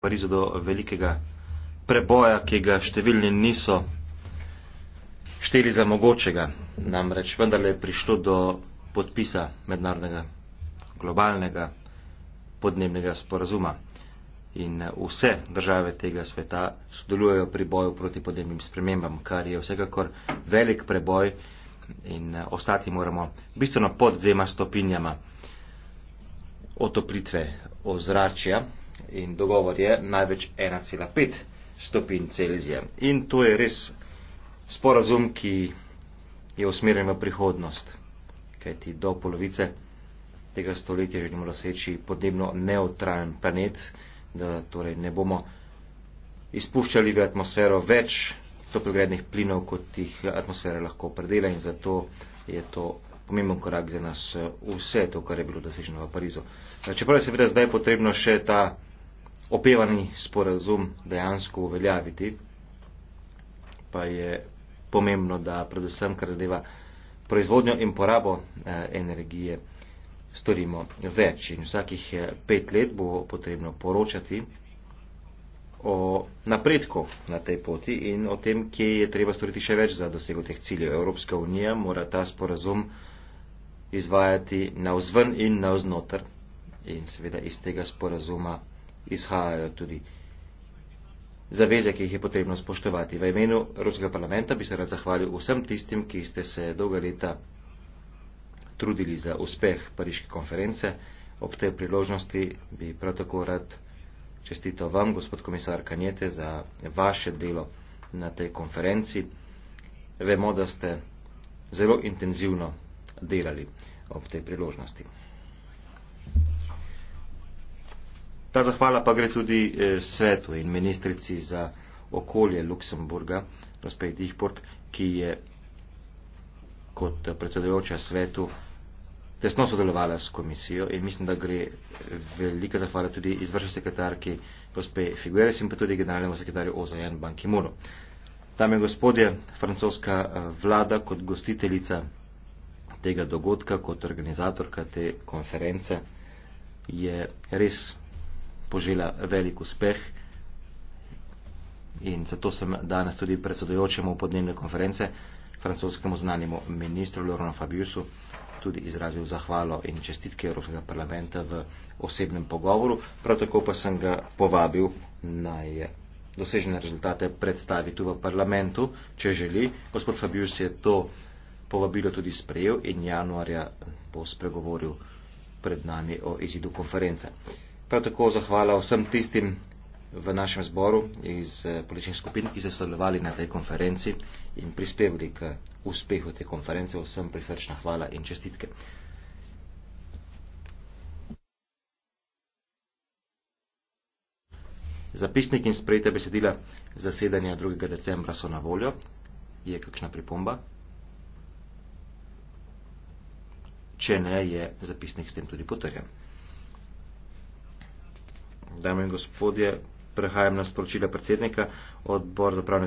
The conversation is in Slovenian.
Parizu do velikega preboja, ki ga številni niso šteli za mogočega. Namreč vendar je prišlo do podpisa mednarodnega globalnega podnebnega sporazuma. In vse države tega sveta sodelujejo pri boju proti podnebnim spremembam, kar je vsekakor velik preboj in eh, ostati moramo bistveno pod dvema stopinjama otoplitve ozračja, in dogovor je največ 1,5 stopinj Celzija. In to je res sporazum, ki je usmerjen v prihodnost, kajti do polovice tega stoletja želimo doseči podnebno neutralen planet, da torej ne bomo izpuščali v atmosfero več toplogrednih plinov, kot jih atmosfera lahko predela in zato je to pomemben korak za nas vse to, kar je bilo doseženo v Parizu. Čeprav je seveda zdaj potrebno še ta opevani sporazum dejansko uveljaviti, pa je pomembno, da predvsem, kar zadeva proizvodnjo in porabo eh, energije, storimo več. In vsakih eh, pet let bo potrebno poročati o napredku na tej poti in o tem, kje je treba storiti še več za dosego teh ciljev. Evropska unija mora ta sporazum izvajati navzven in navznotr in seveda iz tega sporazuma izhajajo tudi zaveze, ki jih je potrebno spoštovati. V imenu Evropskega parlamenta bi se rad zahvalil vsem tistim, ki ste se dolga leta trudili za uspeh Pariške konference. Ob tej priložnosti bi prav tako rad čestito vam, gospod komisar Kanjete, za vaše delo na tej konferenci. Vemo, da ste zelo intenzivno delali ob tej priložnosti. Ta zahvala pa gre tudi eh, svetu in ministrici za okolje Luksemburga, gospej Dihburg, ki je kot predsedujoča svetu tesno sodelovala s komisijo in mislim, da gre eh, velika zahvala tudi izvršni sekretarki gospe Figueres in pa tudi generalnemu sekretarju OZN Banki Muro. Tam je gospodje francoska eh, vlada kot gostiteljica tega dogodka, kot organizatorka te konference je res požela velik uspeh in zato sem danes tudi predsedojočemu podnebne konference, francoskemu znanemu ministru Laurent Fabiusu, tudi izrazil zahvalo in čestitke Evropskega parlamenta v osebnem pogovoru. Prav tako pa sem ga povabil naj dosežene rezultate predstavi tu v parlamentu, če želi. Gospod Fabius je to povabilo tudi sprejel in januarja bo spregovoril pred nami o izidu konference. Prav tako zahvala vsem tistim v našem zboru iz eh, političnih skupin, ki so sodelovali na tej konferenci in prispevali k uspehu te konference. Vsem prisrčna hvala in čestitke. Zapisnik in sprejete besedila zasedanja 2. decembra so na voljo. Je kakšna pripomba? Če ne, je zapisnik s tem tudi potrjen. Dame in gospodje, prehajam na sporočila predsednika odbora za pravne zadeve.